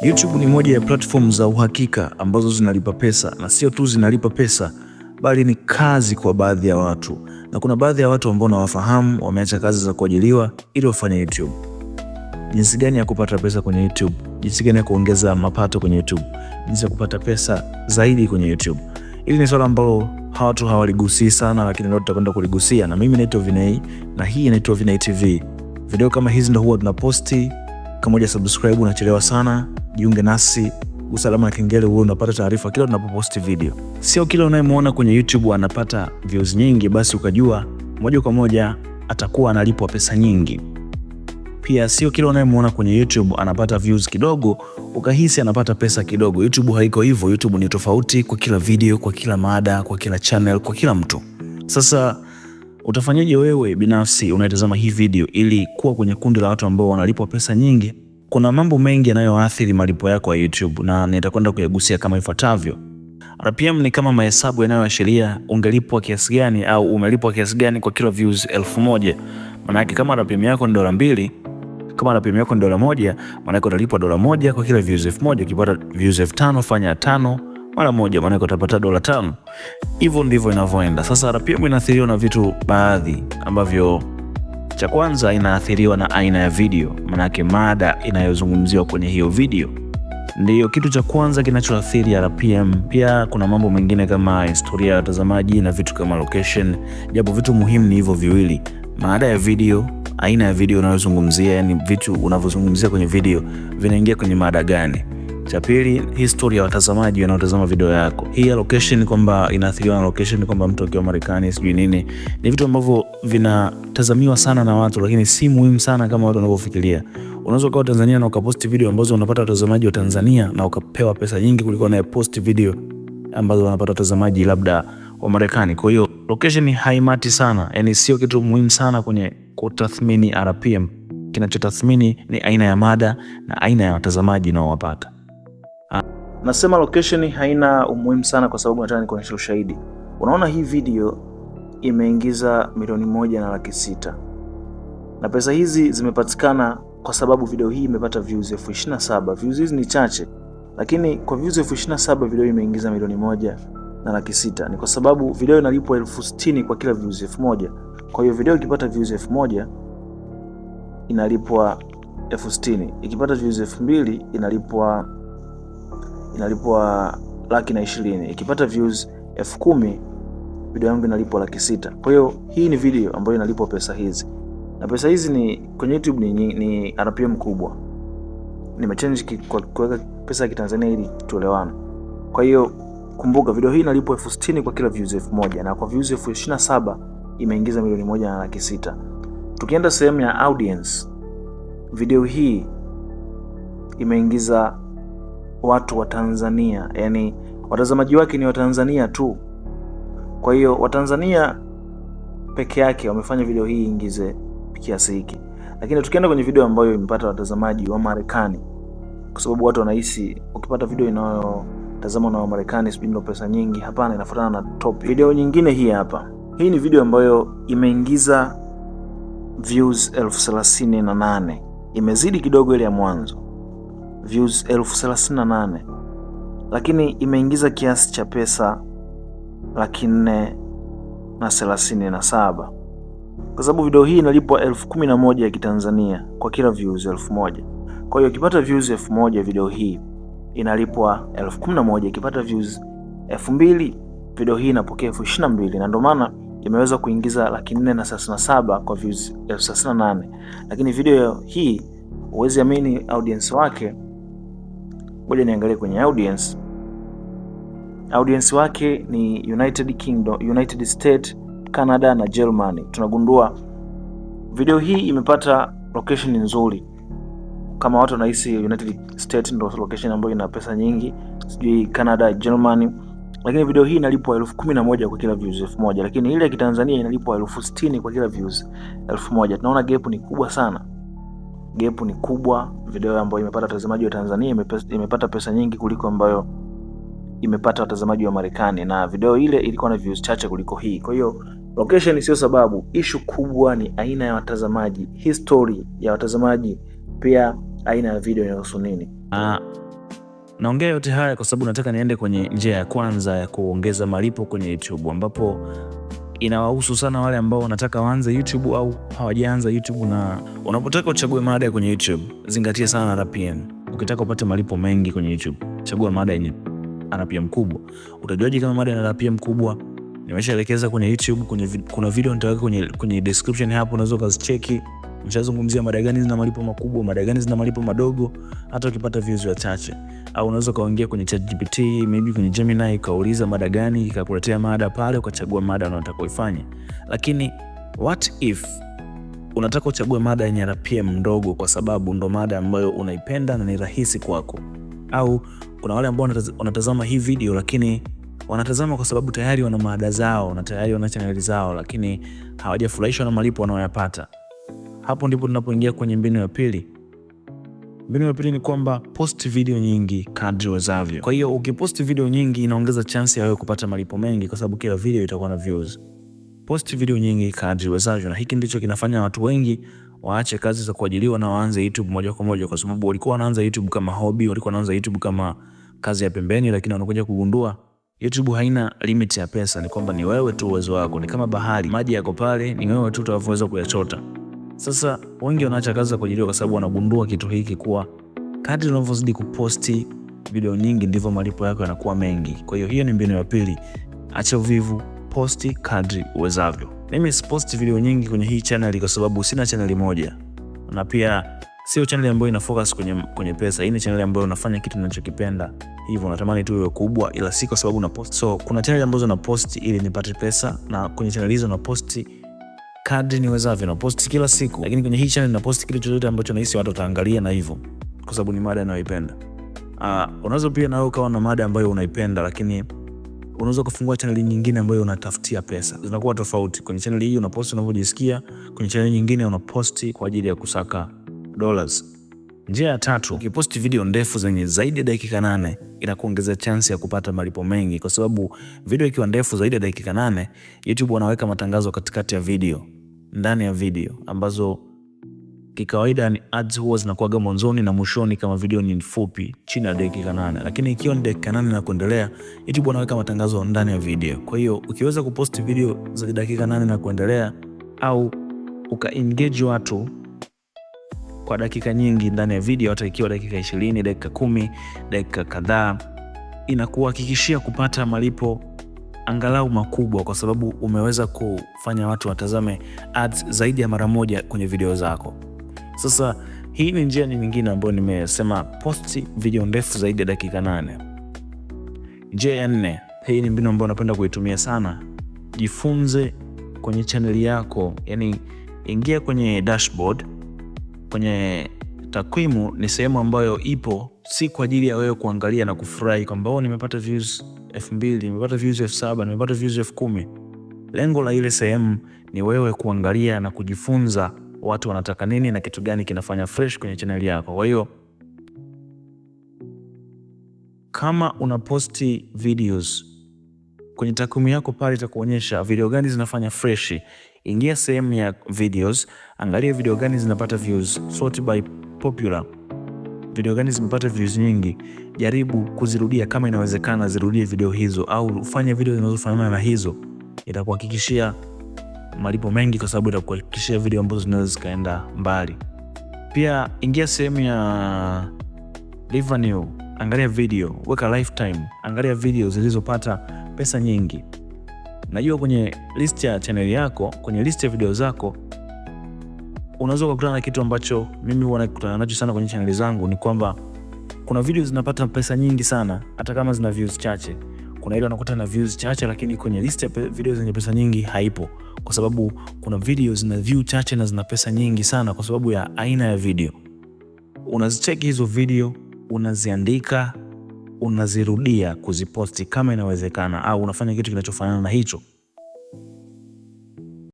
YouTube ni moja ya platform za uhakika ambazo zinalipa pesa, na sio tu zinalipa pesa, bali ni kazi kwa baadhi ya watu, na kuna baadhi ya watu ambao nawafahamu wameacha kazi za kuajiliwa ili wafanye YouTube. Jinsi gani ya kupata pesa kwenye YouTube, jinsi gani ya kuongeza mapato kwenye YouTube, jinsi ya kupata pesa zaidi kwenye YouTube. Hili ni swala ambalo watu hawaligusii sana, lakini leo tutakwenda kuligusia. Na mimi naitwa Vinei na hii inaitwa Vinei TV. Video kama hizi ndo huwa tunaposti dakika moja subscribe, unachelewa sana. Jiunge nasi, gusa alama ya kengele, huwe unapata taarifa kila tunapoposti video. Sio kila unayemwona kwenye YouTube anapata views nyingi basi ukajua moja kwa moja atakuwa analipwa pesa nyingi. Pia sio kila unayemwona kwenye YouTube anapata views kidogo ukahisi anapata pesa kidogo. YouTube haiko hivyo. YouTube ni tofauti kwa kila video, kwa kila mada, kwa kila channel, kwa kila mtu. Sasa utafanyaje wewe binafsi unayetazama hii video ili kuwa kwenye kundi la watu ambao wanalipwa pesa nyingi kuna mambo mengi yanayoathiri malipo yako ya YouTube na nitakwenda kuyagusia kama ifuatavyo. RPM ni kama mahesabu yanayoashiria ungelipwa kiasi gani au umelipwa kiasi gani kwa kila views elfu moja. Maana yake kama RPM yako ni dola mbili, kama RPM yako ni dola moja, maana yake utalipwa dola moja kwa kila views elfu moja. Ukipata views elfu tano fanya tano mara moja, maana yake utapata dola tano. Hivyo ndivyo inavyoenda. Sasa RPM inaathiriwa na vitu baadhi ambavyo cha kwanza inaathiriwa na aina ya video, manake mada inayozungumziwa kwenye hiyo video ndiyo kitu cha kwanza kinachoathiri RPM. Pia kuna mambo mengine kama historia ya watazamaji na vitu kama location, japo vitu muhimu ni hivyo viwili: mada ya video, aina ya video unayozungumzia, yani vitu unavyozungumzia kwenye video vinaingia kwenye mada gani. Cha pili, history ya watazamaji wanaotazama video yako. Hii allocation kwamba inaathiriwa na location, kwamba mtu akiwa Marekani sijui nini, ni vitu ambavyo vinatazamiwa sana na watu, lakini si muhimu sana kama watu wanavyofikiria. Unaweza ukawa Tanzania na ukaposti video ambazo unapata watazamaji wa Tanzania na ukapewa pesa nyingi kuliko unayeposti video ambazo wanapata watazamaji labda wa Marekani. Kwa hiyo location haimati sana, yani sio kitu muhimu sana kwenye kutathmini RPM. Kinachotathmini ni aina ya mada na aina ya watazamaji unaowapata. Nasema location haina umuhimu sana kwa sababu nataka nikuonyesha ushahidi. Unaona hii video imeingiza milioni moja na laki sita na pesa hizi zimepatikana kwa sababu video hii imepata views elfu ishirini na saba. Views hizi ni chache, lakini kwa views elfu ishirini na saba video imeingiza milioni moja na laki sita. Ni kwa sababu video inalipwa elfu sitini kwa kila views elfu moja. Kwa hiyo video ikipata views elfu moja inalipwa elfu sitini, ikipata views elfu mbili inalipwa inalipwa laki na ishirini, ikipata views elfu kumi video yangu inalipwa laki sita. Kwa hiyo hii ni video ambayo inalipwa pesa hizi, na pesa hizi ni kwenye YouTube ni, ni RPM kubwa. Nimechange kwa kuweka pesa ya Kitanzania ili tuelewane. Kwa hiyo kumbuka, video hii inalipwa elfu sitini kwa kila views elfu moja na kwa views elfu ishirini na saba imeingiza milioni moja na laki sita. Tukienda sehemu ya audience, video hii imeingiza watu wa Tanzania, yani watazamaji wake ni Watanzania tu. Kwa hiyo Watanzania peke yake wamefanya video hii ingize kiasi hiki, lakini tukienda kwenye video ambayo imepata watazamaji wa Marekani, kwa sababu watu wanahisi ukipata video inayotazama na Wamarekani sijui ndio pesa nyingi. Hapana, inafuatana na top. Video nyingine hii hapa, hii ni video ambayo imeingiza views elfu thelathini na nane imezidi kidogo ile ya mwanzo views elfu thelathini na nane lakini imeingiza kiasi cha pesa laki nne na thelathini na saba kwa sababu video hii inalipwa elfu kumi na moja ya Kitanzania kwa kila views elfu moja Kwa hiyo ukipata views elfu moja video hii inalipwa elfu kumi na moja ikipata views elfu mbili video hii inapokea elfu ishirini na mbili na ndio maana imeweza kuingiza laki nne na thelathini na saba kwa views elfu thelathini na nane lakini video hii huwezi amini audience wake Ngoja niangalie kwenye audience. Audience wake ni United Kingdom, United State, Canada na Germany. Tunagundua video hii imepata location nzuri. Kama watu wanahisi United State ndio location ambayo ina pesa nyingi, sijui Canada, Germany, lakini video hii inalipwa elfu kumi na moja kwa kila views elfu moja lakini ile ya kitanzania inalipwa elfu sitini kwa kila views elfu moja Tunaona gap ni kubwa sana gepu ni kubwa. Video ambayo imepata watazamaji wa Tanzania imepata, pesa nyingi kuliko ambayo imepata watazamaji wa Marekani, na video ile ilikuwa na views chache kuliko hii. Kwa hiyo location sio sababu, issue kubwa ni aina ya watazamaji, history ya watazamaji, pia aina ya video inahusu nini. Ah, naongea yote haya kwa sababu nataka niende kwenye njia ya kwanza ya kuongeza malipo kwenye YouTube ambapo inawahusu sana wale ambao wanataka waanze YouTube au hawajaanza YouTube. Na unapotaka uchague mada kwenye YouTube, zingatia sana RPM. Ukitaka upate malipo mengi kwenye YouTube, chagua mada yenye RPM kubwa. Utajuaje kama mada ina RPM kubwa? Nimeshaelekeza kwenye YouTube, kwenye vid kuna video nitaweka kwenye, kwenye description hapo, unaweza ukazicheki. Nishazungumzia mada gani zina malipo makubwa, mada gani zina malipo madogo, hata ukipata views wachache au unaweza ukaingia kwenye ChatGPT maybe kwenye Gemini ukauliza mada gani, ikakuletea mada pale, ukachagua mada unayotaka kuifanya. Lakini what if unataka uchague mada yenye RPM ndogo, kwa sababu ndo mada ambayo unaipenda na ni rahisi kwako? Au kuna wale ambao wanatazama hii video lakini wanatazama kwa sababu tayari wana mada zao na tayari wana chaneli zao, lakini hawajafurahishwa na malipo wanayoyapata. Hapo ndipo tunapoingia kwenye mbinu ya pili Mbinu ya pili ni kwamba post video nyingi kadri wezavyo. Kwa hiyo ukipost video nyingi inaongeza chansi ya wewe kupata malipo mengi, kwa sababu kila video itakuwa na views. Post video nyingi kadri wezavyo, na hiki ndicho kinafanya watu wengi waache kazi za kuajiriwa na waanze YouTube moja kwa moja, kwa sababu walikuwa wanaanza YouTube kama hobby, walikuwa wanaanza YouTube kama kazi ya pembeni, lakini wanakuja kugundua YouTube haina limit ya pesa. Ni kwamba ni wewe tu uwezo wako, ni kama bahari, maji yako pale, ni wewe tu utaweza kuyachota. Sasa wengi wanaacha kazi za kuajiriwa kwa sababu wanagundua kitu hiki kuwa kadri unavyozidi kuposti video nyingi ndivyo malipo yako yanakuwa mengi. Kwa hiyo hiyo ni mbinu ya pili, acha uvivu, posti kadri uwezavyo. Mimi siposti video nyingi kwenye hii channel kwa sababu sina channel moja, na pia sio channel ambayo ina focus kwenye, kwenye pesa. Hii ni channel ambayo unafanya kitu unachokipenda, hivyo unatamani tu iwe kubwa, ila si kwa sababu una post. So kuna channel ambazo na post ili nipate pesa, na kwenye channel hizo na posti kadri niwezavyo, naposti kila siku, lakini kwenye hii channel naposti kile chochote ambacho nahisi watu wataangalia na hivyo, kwa sababu ni mada ninayoipenda. Uh, unaweza pia nawe ukawa na mada ambayo unaipenda lakini unaweza kufungua chaneli nyingine ambayo unatafutia pesa, zinakuwa tofauti. Kwenye chaneli hii unaposti unavyojisikia, kwenye chaneli nyingine unaposti kwa ajili ya kusaka dollars. Njia ya tatu, ukiposti video ndefu zenye zaidi ya dakika nane inakuongezea chansi ya kupata malipo mengi, kwa sababu video ikiwa ndefu zaidi ya dakika nane, YouTube wanaweka matangazo katikati ya video ndani ya video ambazo kikawaida ni ads huwa zinakuwaga mwanzoni na mwishoni, kama video ni fupi, chini ya dakika nane. Lakini ikiwa ni dakika nane na kuendelea, YouTube anaweka matangazo ndani ya video. Kwa hiyo ukiweza kupost video za dakika nane na kuendelea au uka engage watu kwa dakika nyingi ndani ya video, hata ikiwa dakika ishirini, dakika kumi, dakika kadhaa, inakuhakikishia kupata malipo angalau makubwa, kwa sababu umeweza kufanya watu watazame ads zaidi ya mara moja kwenye video zako. Sasa hii ni njia nyingine ambayo nimesema, posti video ndefu zaidi ya dakika nane. Njia ya nne, hii ni mbinu ambayo napenda kuitumia sana. Jifunze kwenye chaneli yako, yani ingia kwenye dashboard, kwenye takwimu ni sehemu ambayo ipo si kwa ajili ya wewe kuangalia na kufurahi kwamba oh, nimepata views elfu mbili imepata views elfu saba nimepata views elfu kumi Lengo la ile sehemu ni wewe kuangalia na kujifunza watu wanataka nini na kitu gani kinafanya fresh kwenye chaneli yako. Kwa hiyo kama unaposti videos kwenye takwimu yako pale itakuonyesha video gani zinafanya fresh. Ingia sehemu ya videos, angalia video gani zinapata views, sort by popular video gani zimepata views nyingi, jaribu kuzirudia kama inawezekana, zirudie video hizo au ufanye video zinazofanana na hizo. Itakuhakikishia malipo mengi, kwa sababu itakuhakikishia video ambazo zinaweza zikaenda mbali. Pia ingia sehemu ya revenue, angalia video, weka lifetime, angalia video zilizopata pesa nyingi. Najua kwenye list ya channel yako, kwenye list ya video zako unaweza ukakutana na kitu ambacho mimi huwa nakutana nacho sana kwenye chaneli zangu, ni kwamba kuna video zinapata pesa nyingi sana hata kama zina views chache. Kuna ile unakuta na views chache, lakini kwenye list ya video zenye pesa nyingi haipo, kwa sababu kuna video zina view chache na zina pesa nyingi sana, kwa sababu ya aina ya video. Unazicheki hizo video, unaziandika, unazirudia kuziposti kama inawezekana, au unafanya kitu kinachofanana na hicho.